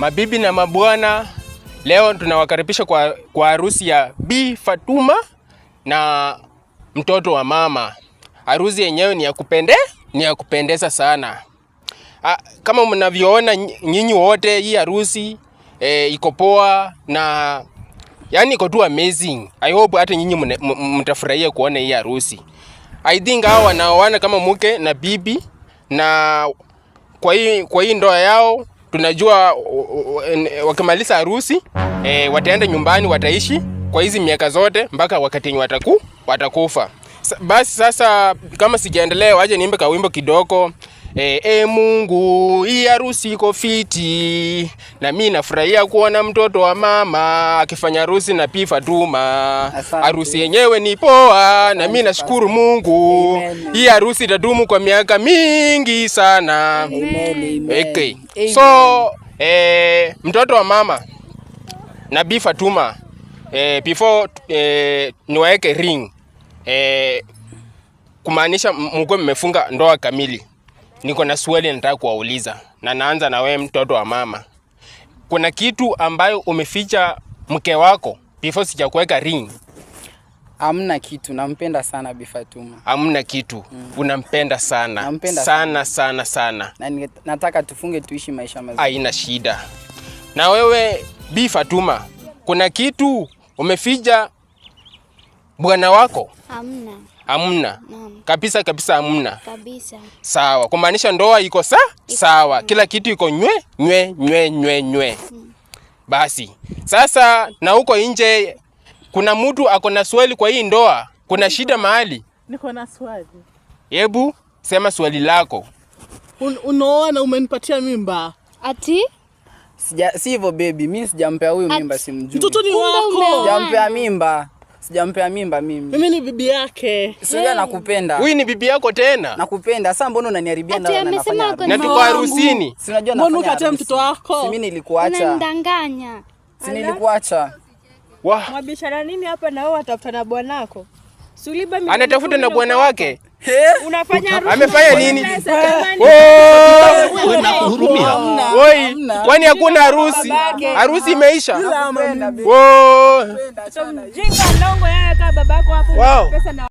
Mabibi na mabwana, leo tunawakaribisha kwa, kwa harusi ya Bi Fatuma na mtoto wa mama. Harusi yenyewe ni ya kupende, ni ya kupendeza sana. A, ah, kama mnavyoona nyinyi wote hii harusi e, iko poa na yani iko tu amazing. I hope hata nyinyi mtafurahia kuona hii harusi. I think hao wanaoana kama mke na bibi na kwa hii kwa hii ndoa yao tunajua wakimaliza harusi e, wataenda nyumbani, wataishi kwa hizi miaka zote mpaka wakati yenye wataku watakufa. Basi sasa, kama sijaendelea, waje nimbe kawimbo kidogo. E, e Mungu, hii harusi iko fiti, na mimi nafurahia kuona mtoto wa mama akifanya harusi na pifa duma. Harusi yenyewe ni poa, na mimi nashukuru Mungu. Hii harusi itadumu kwa miaka mingi sana. Amen, amen. Okay. Amen. So e, mtoto wa mama na pifa duma e, before e, niwaeke ring e, kumaanisha mko mmefunga ndoa kamili niko na swali nataka kuwauliza, na naanza na wewe, mtoto wa mama. Kuna kitu ambayo umeficha mke wako before sijakuweka ring? Hamna kitu, nampenda sana Bi Fatuma. kitu mm. Unampenda sana sana sana sana, sana. Na nataka tufunge tuishi maisha mazuri. Haina shida. Na wewe Bi Fatuma, kuna kitu umeficha bwana wako? amna Hamna kabisa kabisa, hamna kabisa. Sawa, kumaanisha ndoa iko sa sawa, kila kitu iko nywe nywe nywe nywe nywe. Hmm. Basi sasa, na huko nje kuna mtu ako na swali kwa hii ndoa, kuna shida mahali? Niko na swali. Hebu sema swali lako. Un, unaoa na umenipatia mimba ati sija, si hivyo baby, mimi sijampea huyu mimba, simjui. Mtoto ni wako, sijampea mimba sijampea mimba mimi. Mimi ni bibi yake. Sasa hey. Nakupenda. Wewe ni bibi yako tena? Nakupenda. Sasa mbona unaniharibia na unanifanya? Na tuko harusini. Si unajua nafanya. Mbona ukatia mtoto wako? Si mimi nilikuacha. Unanidanganya. Si nilikuacha. Wah. Mabishana nini hapa na wewe atafuta na bwanako? Suliba mimi. Anatafuta na bwana wake. Unafanya harusi. Amefanya nini? Oh! Kwani hakuna harusi? Harusi imeisha.